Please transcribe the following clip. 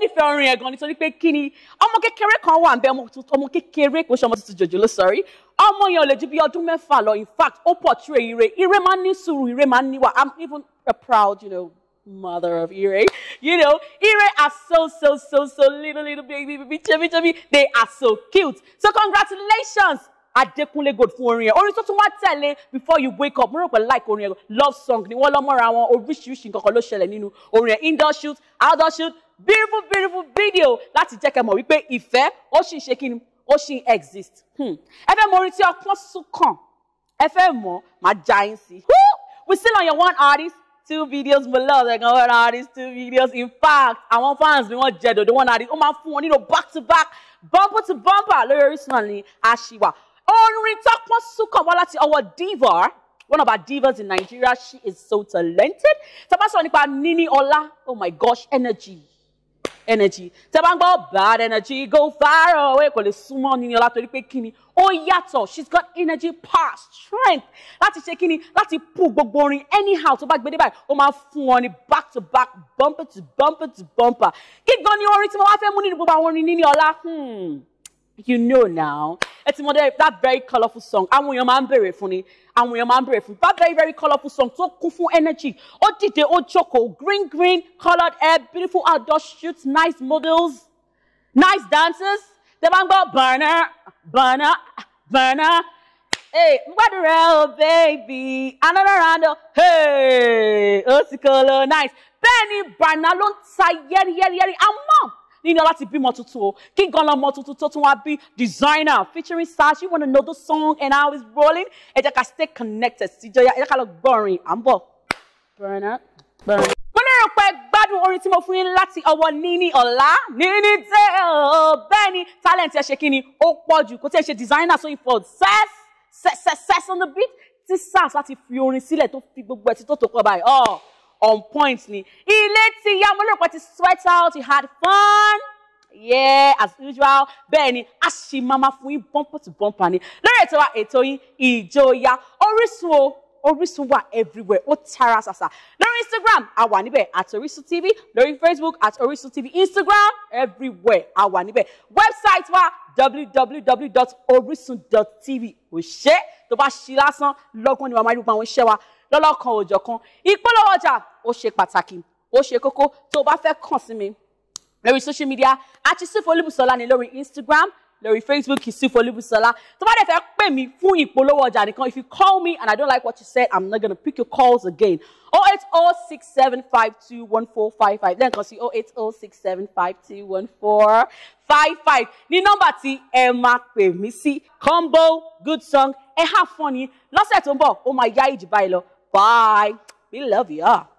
nífẹ̀ẹ́ orin ẹ̀gàn nítorí pé kí ni ọmọ kékeré kan wà nbẹ ọmọ kékeré kò ṣe tuntun jòjòló sọrí ọmọ yẹn ò lè ju bí ọdún mẹ́fà lọ in fact ó pọ̀ tú ire ire máa ń ní sùúrù ire máa ń níwà i'm even a proud you know, mother of ire you know ire are so so so so little little baby baby chubby chubby they are so cute so congratulations Adékúnlé Gold fún orin ẹ̀ orin tó tún wá tẹ̀lé before you wake up mo rò pé like orin ẹ̀ love song ni wọ́n lọ mọ́ra wọn oríṣiríṣi nǹkan kan ló ṣẹlẹ̀ nínú orin ẹ̀ indoor shoot outdoor shoot beautiful beautiful video láti jẹ́ kẹ́ mọ̀ wípé ìfẹ́ ó sì ń ṣe kí ni ó sì ń exist hmm. ẹ fẹ́ mọ orin tí ọpọ́n sún kàn ẹ fẹ́ mọ̀ máa já yín sí we still on your one artist two videos mo love ẹ̀gàn one artist two videos in fact àwọn fans mi wọ́n jẹ dòdò one artist ó máa fún wọn nínú back to back bumper to bumper lórí Orísun náà ni àṣìwà orin tọpọ́n sún kàn wá láti ọwọ́ diva one of our divas in Nigeria. She is so talented. Tabasa nípa Nini Ọlá. Oh my gosh, energy energy tẹ́ bá ń gbọ́ bad energy go far away kò lè súnmọ́ ní ọlá torí pé kíni ó yàtọ̀ she's got energy power strength láti ṣe kíni láti pu gbogbo orin anyhow tó bá gbé dé báyìí ó máa fún wọn ní back to back bumper to bumper to bumper gígan ni orin tí mo wá fẹ́ mú nínú gbogbo àwọn orin níní ọlá. Hmm you know now it's ti that very colourful song I'm with your man, very funny. I'm with your man, very funny. that very very colourful song so kufu fún energy ó dìde ó jókòó green green coloured hair beautiful outdoor shoots nice models nice dancers The man got burner, burner, burner. bànà hey gbàdúrà o baby another round o hey ó sì kọ́ lọ nice bẹ́ẹ̀ ni bànà ló ń ta yẹ́rìyẹ́rìyẹ́rì àmọ́ nínú láti bímọ tuntun o kí gan lọmọ tuntun tó tún wá bí designer featuring Sash you wanna know the song and how it's rolling ẹ jẹ́ ká stay connected sí Joya ẹ jẹ́ ká lọ gbọ́rin à ń bọ̀. mo lérò pé gbádùn orin tí mo fún yín láti ọwọ́ níní ọ̀la níní dé o oh, bẹ́ẹ̀ ni talent ẹ ṣe kí ni ó pọ̀ jù kó tí ẹ ṣe designer sóyún for sess sess sess on the beat tí Sash láti fi orin sílẹ̀ tó fi gbogbo ẹ̀ sí tó tó kọ́ báyìí. Oh on point ni ilé ti yá mo lérò pé ti sweat out you had fun yeah as usual bẹ́ẹ̀ ni a ṣì máa ma fún yín bumper to bumper ni lórí ètò wa ètò yín ìjọya Orísun o Orísun wà everywhere ó tara ṣàṣà lórí Instagram a wà níbẹ̀ at Orísun TV lórí Facebook at Orísun TV Instagram everywhere a wà níbẹ̀ website wa www.orisun.tv ò ṣe tó bá ṣí lásán lọ́gbọ́n ni wàá máa rí gbogbo àwọn iṣẹ́ wa lọ́lọ́kan òjọ̀kan ìpolówó ọjà ó ṣe pàtàkì ó ṣe kókó tó o bá fẹ́ kàn sí mi lórí social media àti sífò olúbùsọ̀lá ni lórí Instagram lórí Facebook Yusuf Olúbùsọlá tó bá dẹ̀ fẹ́ pè mí fún ìpolówó ọjà nìkan if you call me and I don't like what you said I'm not gonna pick your calls again oh eight oh six seven five two one four five five lẹ́ẹ̀kan oh oh ní nọ́mbà tí ẹ máa pè mí sí combo good song ẹ hà fún ni lọ́sẹ̀ tó ń bọ̀ ó máa yá ìjì báyìí lọ bye we love you.